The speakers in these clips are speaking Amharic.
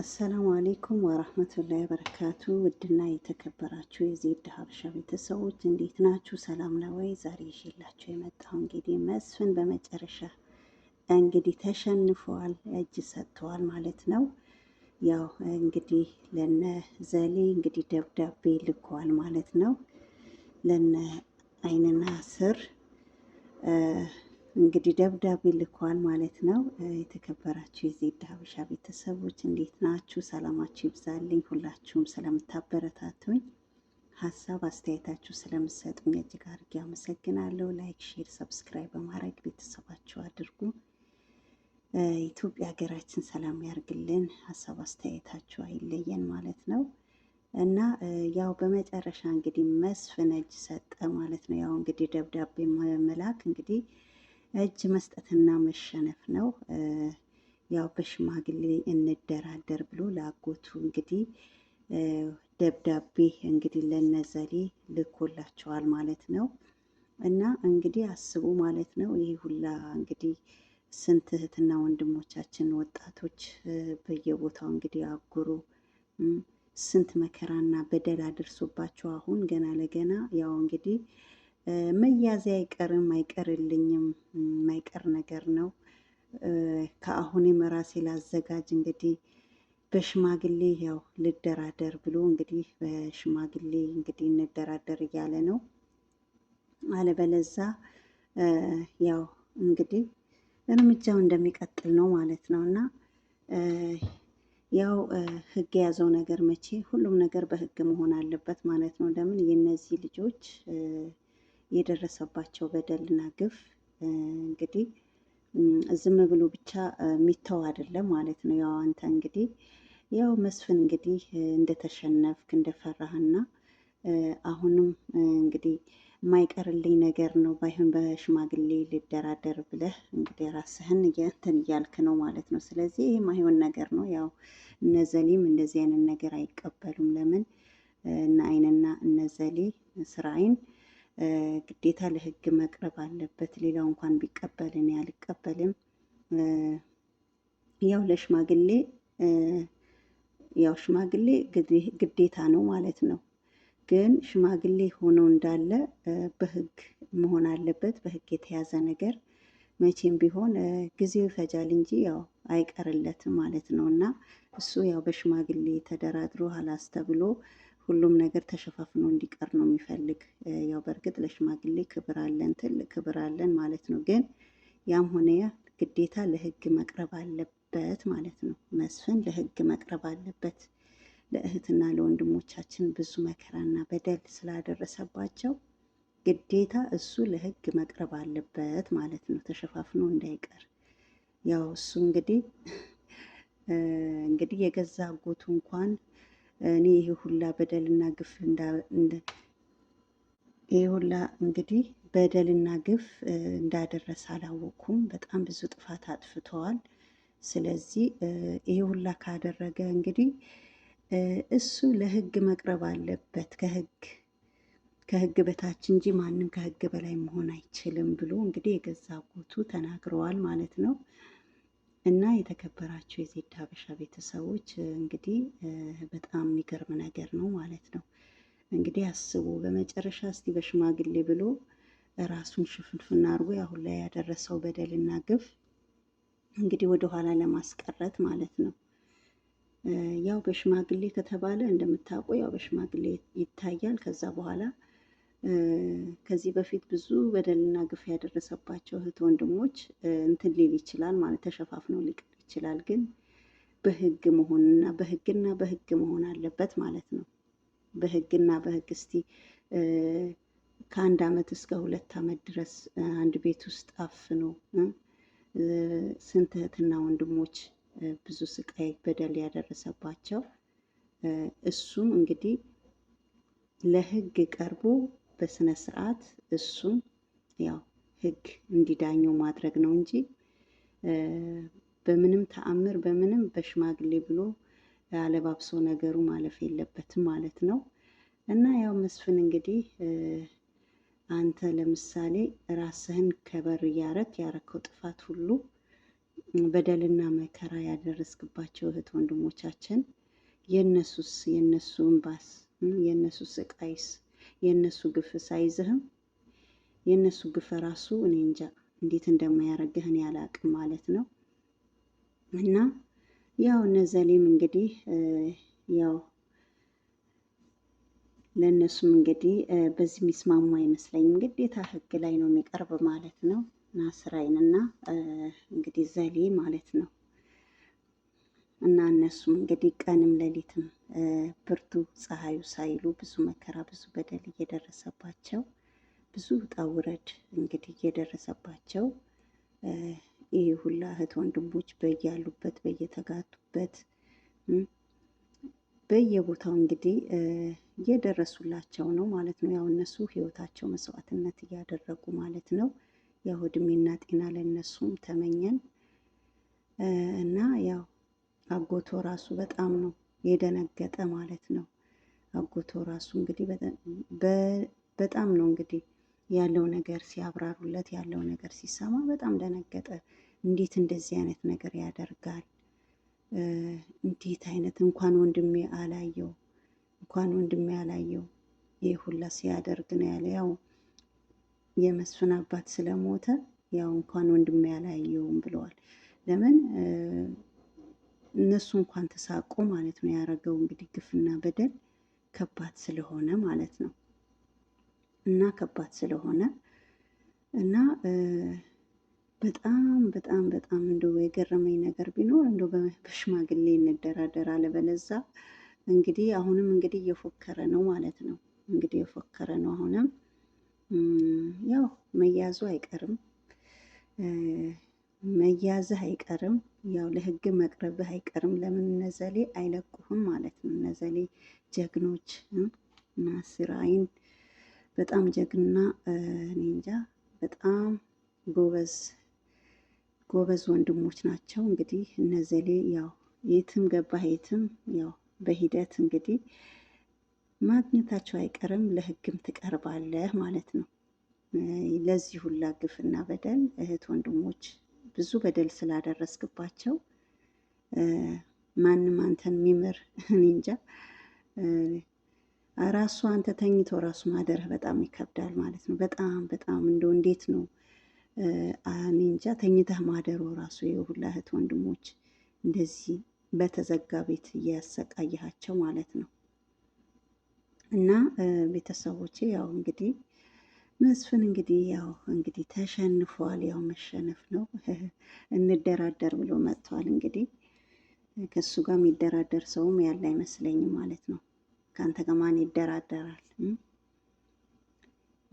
አሰላሙ አሌይኩም ወራህመቱላሂ ወበረካቱ። ውድና የተከበራችሁ የዜድ ሀበሻ ቤተሰቦች እንዴት ናችሁ? ሰላም ነው ወይ? ዛሬ ይዤላችሁ የመጣው እንግዲህ መስፍን በመጨረሻ እንግዲህ ተሸንፈዋል፣ እጅ ሰጥተዋል ማለት ነው። ያው እንግዲህ ለነ ዘሌ እንግዲህ ደብዳቤ ልኳል ማለት ነው ለነ አይንና ስር እንግዲህ ደብዳቤ ልኳል ማለት ነው። የተከበራችሁ የዜድ ሀበሻ ቤተሰቦች እንዴት ናችሁ? ሰላማችሁ ይብዛልኝ። ሁላችሁም ስለምታበረታቱኝ ሀሳብ አስተያየታችሁ ስለምሰጡኝ እጅግ አድርጌ አመሰግናለሁ። ላይክ፣ ሼር፣ ሰብስክራይብ በማድረግ ቤተሰባችሁ አድርጉ። ኢትዮጵያ ሀገራችን ሰላም ያርግልን። ሀሳብ አስተያየታችሁ አይለየን ማለት ነው እና ያው በመጨረሻ እንግዲህ መስፍን እጅ ሰጠ ማለት ነው። ያው እንግዲህ ደብዳቤ መላክ እንግዲህ እጅ መስጠትና መሸነፍ ነው። ያው በሽማግሌ እንደራደር ብሎ ለአጎቱ እንግዲህ ደብዳቤ እንግዲህ ለነዘሌ ልኮላቸዋል ማለት ነው። እና እንግዲህ አስቡ ማለት ነው። ይህ ሁላ እንግዲህ ስንት እህትና ወንድሞቻችን ወጣቶች በየቦታው እንግዲህ አጉሮ ስንት መከራና በደል አድርሶባቸው አሁን ገና ለገና ያው እንግዲህ መያዜ አይቀርም አይቀርልኝም የማይቀር ነገር ነው። ከአሁንም ራሴ ላዘጋጅ እንግዲህ በሽማግሌ ያው ልደራደር ብሎ እንግዲህ በሽማግሌ እንግዲህ እንደራደር እያለ ነው። አለበለዛ ያው እንግዲህ እርምጃው እንደሚቀጥል ነው ማለት ነው። እና ያው ህግ የያዘው ነገር መቼ ሁሉም ነገር በህግ መሆን አለበት ማለት ነው። ለምን የእነዚህ ልጆች የደረሰባቸው በደልና ግፍ እንግዲህ ዝም ብሎ ብቻ የሚተው አይደለም ማለት ነው። ያው አንተ እንግዲህ ያው መስፍን እንግዲህ እንደተሸነፍክ እንደፈራህና አሁንም እንግዲህ የማይቀርልኝ ነገር ነው ባይሆን በሽማግሌ ልደራደር ብለህ እንግዲህ ራስህን እንትን እያልክ ነው ማለት ነው። ስለዚህ ይህ ማይሆን ነገር ነው። ያው እነዘሊም እንደዚህ አይነት ነገር አይቀበሉም። ለምን እነ አይንና እነዘሌ ስራይን ግዴታ ለህግ መቅረብ አለበት። ሌላው እንኳን ቢቀበል እኔ አልቀበልም። ያው ለሽማግሌ ያው ሽማግሌ ግዴታ ነው ማለት ነው። ግን ሽማግሌ ሆኖ እንዳለ በህግ መሆን አለበት። በህግ የተያዘ ነገር መቼም ቢሆን ጊዜው ይፈጃል እንጂ ያው አይቀርለትም ማለት ነው እና እሱ ያው በሽማግሌ ተደራድሮ ሀላስ ተብሎ ሁሉም ነገር ተሸፋፍኖ እንዲቀር ነው የሚፈልግ። ያው በእርግጥ ለሽማግሌ ክብር አለን ትልቅ ክብር አለን ማለት ነው። ግን ያም ሆነ ያ ግዴታ ለህግ መቅረብ አለበት ማለት ነው። መስፍን ለህግ መቅረብ አለበት። ለእህትና ለወንድሞቻችን ብዙ መከራና በደል ስላደረሰባቸው ግዴታ እሱ ለህግ መቅረብ አለበት ማለት ነው። ተሸፋፍኖ እንዳይቀር ያው እሱ እንግዲህ እንግዲህ የገዛ አጎቱ እንኳን እኔ ይሄ ሁላ በደልና ግፍ ይሄ ሁላ እንግዲህ በደልና ግፍ እንዳደረሰ አላወቅኩም። በጣም ብዙ ጥፋት አጥፍተዋል። ስለዚህ ይሄ ሁላ ካደረገ እንግዲህ እሱ ለህግ መቅረብ አለበት ከህግ ከህግ በታች እንጂ ማንም ከህግ በላይ መሆን አይችልም ብሎ እንግዲህ የገዛ አጎቱ ተናግረዋል ማለት ነው። እና የተከበራችሁ የዜድ ሀበሻ ቤተሰቦች እንግዲህ በጣም የሚገርም ነገር ነው ማለት ነው። እንግዲህ አስቡ በመጨረሻ እስቲ በሽማግሌ ብሎ ራሱን ሽፍንፍና አድርጎ አሁን ላይ ያደረሰው በደልና ግፍ እንግዲህ ወደኋላ ለማስቀረት ማለት ነው። ያው በሽማግሌ ከተባለ እንደምታውቁ ያው በሽማግሌ ይታያል። ከዛ በኋላ ከዚህ በፊት ብዙ በደልና ግፍ ያደረሰባቸው እህት ወንድሞች እንትን ሊል ይችላል ማለት ተሸፋፍነው ሊቀር ይችላል። ግን በህግ መሆንና በህግና በህግ መሆን አለበት ማለት ነው። በህግና በህግ እስቲ ከአንድ አመት እስከ ሁለት አመት ድረስ አንድ ቤት ውስጥ አፍኖ ስንት እህትና ወንድሞች ብዙ ስቃይ በደል ያደረሰባቸው እሱም እንግዲህ ለህግ ቀርቦ በስነ ስርዓት እሱም ያው ህግ እንዲዳኘው ማድረግ ነው እንጂ በምንም ተአምር በምንም በሽማግሌ ብሎ አለባብሶ ነገሩ ማለፍ የለበትም ማለት ነው። እና ያው መስፍን እንግዲህ አንተ ለምሳሌ ራስህን ከበር እያረክ ያረከው ጥፋት ሁሉ በደልና መከራ ያደረስክባቸው እህት ወንድሞቻችን የነሱስ የነሱ እንባስ የነሱ ስቃይስ የእነሱ ግፍ ሳይዝህም የእነሱ ግፍ ራሱ እኔ እንጃ እንዴት እንደማያረግህ እኔ አላቅም ማለት ነው። እና ያው እነዘሌም እንግዲህ ያው ለእነሱም እንግዲህ በዚህ የሚስማሙ አይመስለኝም። ግዴታ ህግ ላይ ነው የሚቀርብ ማለት ነው። ናስራይን እና እንግዲህ ዘሌ ማለት ነው። እና እነሱም እንግዲህ ቀንም ሌሊትም ብርቱ ፀሐዩ ሳይሉ ብዙ መከራ ብዙ በደል እየደረሰባቸው ብዙ ውጣ ውረድ እንግዲህ እየደረሰባቸው ይህ ሁላ እህት ወንድሞች በያሉበት በየተጋቱበት በየቦታው እንግዲህ እየደረሱላቸው ነው ማለት ነው። ያው እነሱ ህይወታቸው መስዋዕትነት እያደረጉ ማለት ነው። ያው እድሜና ጤና ለእነሱም ተመኘን እና ያው አጎቶ ራሱ በጣም ነው የደነገጠ ማለት ነው። አጎቶ ራሱ እንግዲህ በጣም ነው እንግዲህ ያለው ነገር ሲያብራሩለት ያለው ነገር ሲሰማ በጣም ደነገጠ። እንዴት እንደዚህ አይነት ነገር ያደርጋል? እንዴት አይነት እንኳን ወንድሜ አላየው እንኳን ወንድሜ አላየው ይህ ሁላ ሲያደርግ ነው ያለ። ያው የመስፍን አባት ስለሞተ ያው እንኳን ወንድሜ አላየውም ብለዋል። ለምን እነሱ እንኳን ተሳቆ ማለት ነው ያደረገው እንግዲህ ግፍና በደል ከባድ ስለሆነ ማለት ነው እና ከባድ ስለሆነ እና በጣም በጣም በጣም እንደው የገረመኝ ነገር ቢኖር እንደ በሽማግሌ እንደራደር አለበለዛ እንግዲህ አሁንም እንግዲህ እየፎከረ ነው ማለት ነው። እንግዲህ የፎከረ ነው አሁንም ያው መያዙ አይቀርም መያዝህ አይቀርም ያው ለህግ መቅረብ አይቀርም። ለምን ነዘሌ አይለቁህም ማለት ነው። እነዘሌ ጀግኖች አይን በጣም ጀግና፣ ኒንጃ በጣም ጎበዝ ጎበዝ ወንድሞች ናቸው። እንግዲህ ነዘሌ ያው የትም ገባ የትም ያው በሂደት እንግዲህ ማግኘታቸው አይቀርም። ለህግም ትቀርባለህ ማለት ነው። ለዚህ ሁላ ግፍና በደል እህት ወንድሞች ብዙ በደል ስላደረስክባቸው ማንም አንተን የሚምር እንጃ። ራሱ አንተ ተኝቶ ራሱ ማደርህ በጣም ይከብዳል ማለት ነው። በጣም በጣም እንደው እንዴት ነው እንጃ ተኝተህ ማደሩ ራሱ የሁላ እህት ወንድሞች እንደዚህ በተዘጋ ቤት እያሰቃየሃቸው ማለት ነው። እና ቤተሰቦቼ ያው እንግዲህ መስፍን እንግዲህ ያው እንግዲህ ተሸንፏል። ያው መሸነፍ ነው። እንደራደር ብሎ መጥቷል። እንግዲህ ከሱ ጋር የሚደራደር ሰውም ያለ አይመስለኝም ማለት ነው። ከአንተ ጋር ማን ይደራደራል?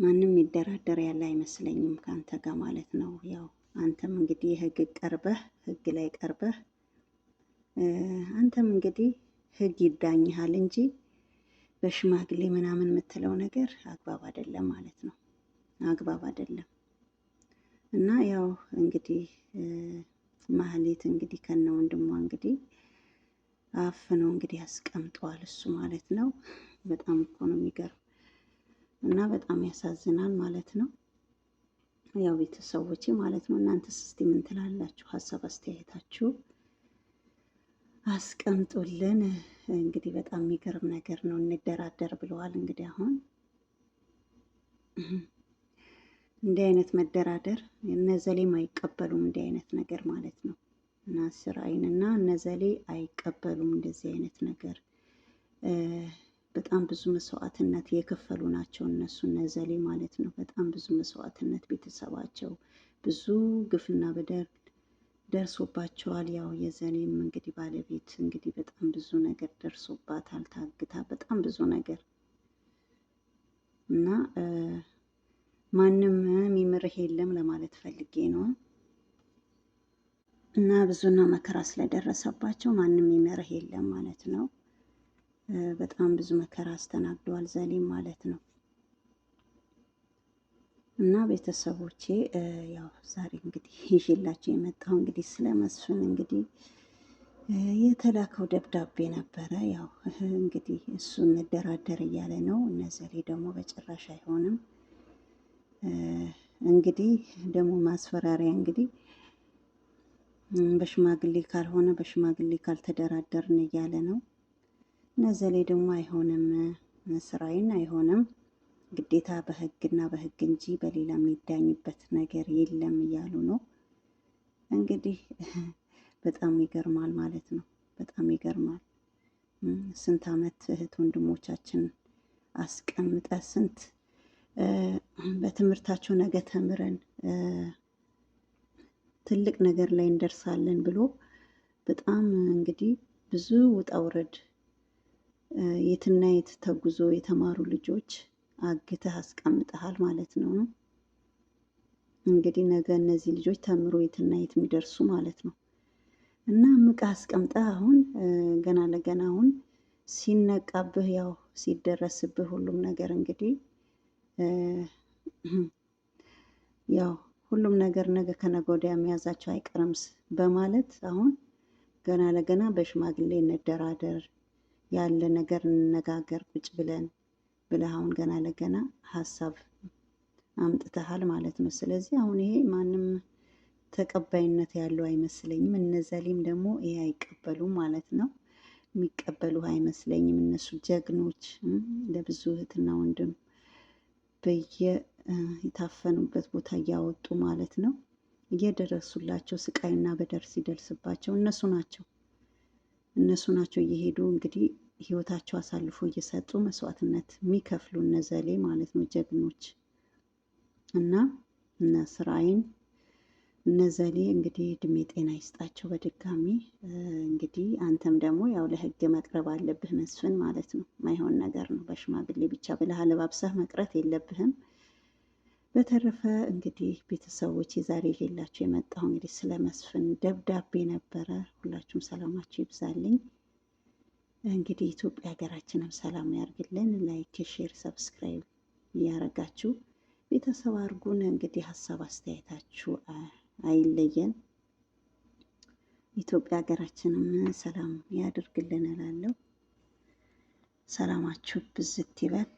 ማንም ይደራደር ያለ አይመስለኝም ከአንተ ጋር ማለት ነው። ያው አንተም እንግዲህ ህግ ቀርበህ ህግ ላይ ቀርበህ አንተም እንግዲህ ህግ ይዳኝሃል እንጂ በሽማግሌ ምናምን የምትለው ነገር አግባብ አይደለም ማለት ነው። አግባብ አይደለም። እና ያው እንግዲህ ማህሌት እንግዲህ ከነ ወንድሟ እንግዲህ አፍኖ እንግዲህ ያስቀምጠዋል እሱ ማለት ነው። በጣም እኮ ነው የሚገርም እና በጣም ያሳዝናል ማለት ነው። ያው ቤተሰቦች ማለት ነው እናንተስ እስቲ ምን ትላላችሁ? ሀሳብ አስተያየታችሁ አስቀምጡልን። እንግዲህ በጣም የሚገርም ነገር ነው። እንደራደር ብለዋል እንግዲህ አሁን እንዲህ አይነት መደራደር እነዘሌም አይቀበሉም፣ እንዲህ አይነት ነገር ማለት ነው። እና አይን እና እነዘሌ አይቀበሉም እንደዚህ አይነት ነገር። በጣም ብዙ መስዋዕትነት የከፈሉ ናቸው እነሱ እነዘሌ ማለት ነው። በጣም ብዙ መስዋዕትነት ቤተሰባቸው ብዙ ግፍና በደር ደርሶባቸዋል። ያው የዘሌም እንግዲህ ባለቤት እንግዲህ በጣም ብዙ ነገር ደርሶባታል፣ ታግታ በጣም ብዙ ነገር እና ማንም የሚምርህ የለም ለማለት ፈልጌ ነው። እና ብዙና መከራ ስለደረሰባቸው ማንም የሚምርህ የለም ማለት ነው። በጣም ብዙ መከራ አስተናግደዋል ዘሌም ማለት ነው። እና ቤተሰቦቼ ያው ዛሬ እንግዲህ ይዤላቸው የመጣው እንግዲህ ስለ መስፍን እንግዲህ የተላከው ደብዳቤ ነበረ። ያው እንግዲህ እሱ እንደራደር እያለ ነው። እነ ዘሌ ደግሞ በጭራሽ አይሆንም እንግዲህ ደግሞ ማስፈራሪያ እንግዲህ በሽማግሌ ካልሆነ በሽማግሌ ካልተደራደርን እያለ ነው። ነዘሌ ደግሞ አይሆንም፣ ስራዬን አይሆንም፣ ግዴታ በህግና በህግ እንጂ በሌላ የሚዳኝበት ነገር የለም እያሉ ነው። እንግዲህ በጣም ይገርማል ማለት ነው። በጣም ይገርማል። ስንት አመት እህት ወንድሞቻችን አስቀምጠ ስንት በትምህርታቸው ነገ ተምረን ትልቅ ነገር ላይ እንደርሳለን ብሎ በጣም እንግዲህ ብዙ ውጣ ውረድ የትና የት ተጉዞ የተማሩ ልጆች አግተህ አስቀምጠሃል ማለት ነው። እንግዲህ ነገ እነዚህ ልጆች ተምሮ የትና የት የሚደርሱ ማለት ነው እና ምቃ አስቀምጠህ አሁን ገና ለገና አሁን ሲነቃብህ ያው ሲደረስብህ ሁሉም ነገር እንግዲህ ያው ሁሉም ነገር ነገ ከነገ ወዲያ መያዛቸው አይቀርም በማለት አሁን ገና ለገና በሽማግሌ እንደራደር፣ ያለ ነገር እንነጋገር ቁጭ ብለን ብለህ አሁን ገና ለገና ሀሳብ አምጥተሃል ማለት ነው። ስለዚህ አሁን ይሄ ማንም ተቀባይነት ያለው አይመስለኝም። እነዘሊም ደግሞ ይሄ አይቀበሉ ማለት ነው። የሚቀበሉ አይመስለኝም። እነሱ ጀግኖች ለብዙ እህትና ወንድም በየ የታፈኑበት ቦታ እያወጡ ማለት ነው እየደረሱላቸው ስቃይና በደር ሲደርስባቸው እነሱ ናቸው እነሱ ናቸው እየሄዱ እንግዲህ ህይወታቸው አሳልፎ እየሰጡ መስዋዕትነት የሚከፍሉ እነዘሌ ማለት ነው ጀግኖች እና እነ ስራይን እነዘሌ እንግዲህ እድሜ ጤና ይስጣቸው። በድጋሚ እንግዲህ አንተም ደግሞ ያው ለህግ መቅረብ አለብህ መስፍን ማለት ነው። ማይሆን ነገር ነው። በሽማግሌ ብቻ ብለህ አለባብሰህ መቅረት የለብህም። በተረፈ እንግዲህ ቤተሰቦች ዛሬ ሌላቸው የመጣው እንግዲህ ስለ መስፍን ደብዳቤ ነበረ። ሁላችሁም ሰላማችሁ ይብዛልኝ። እንግዲህ ኢትዮጵያ ሀገራችንም ሰላም ያርግልን። ላይክ፣ ሼር፣ ሰብስክራይብ እያረጋችሁ ቤተሰብ አድርጉን። እንግዲህ ሀሳብ አስተያየታችሁ አይለየን። ኢትዮጵያ ሀገራችንም ሰላም ያደርግልን እላለሁ። ሰላማችሁ ብዝት ይበል።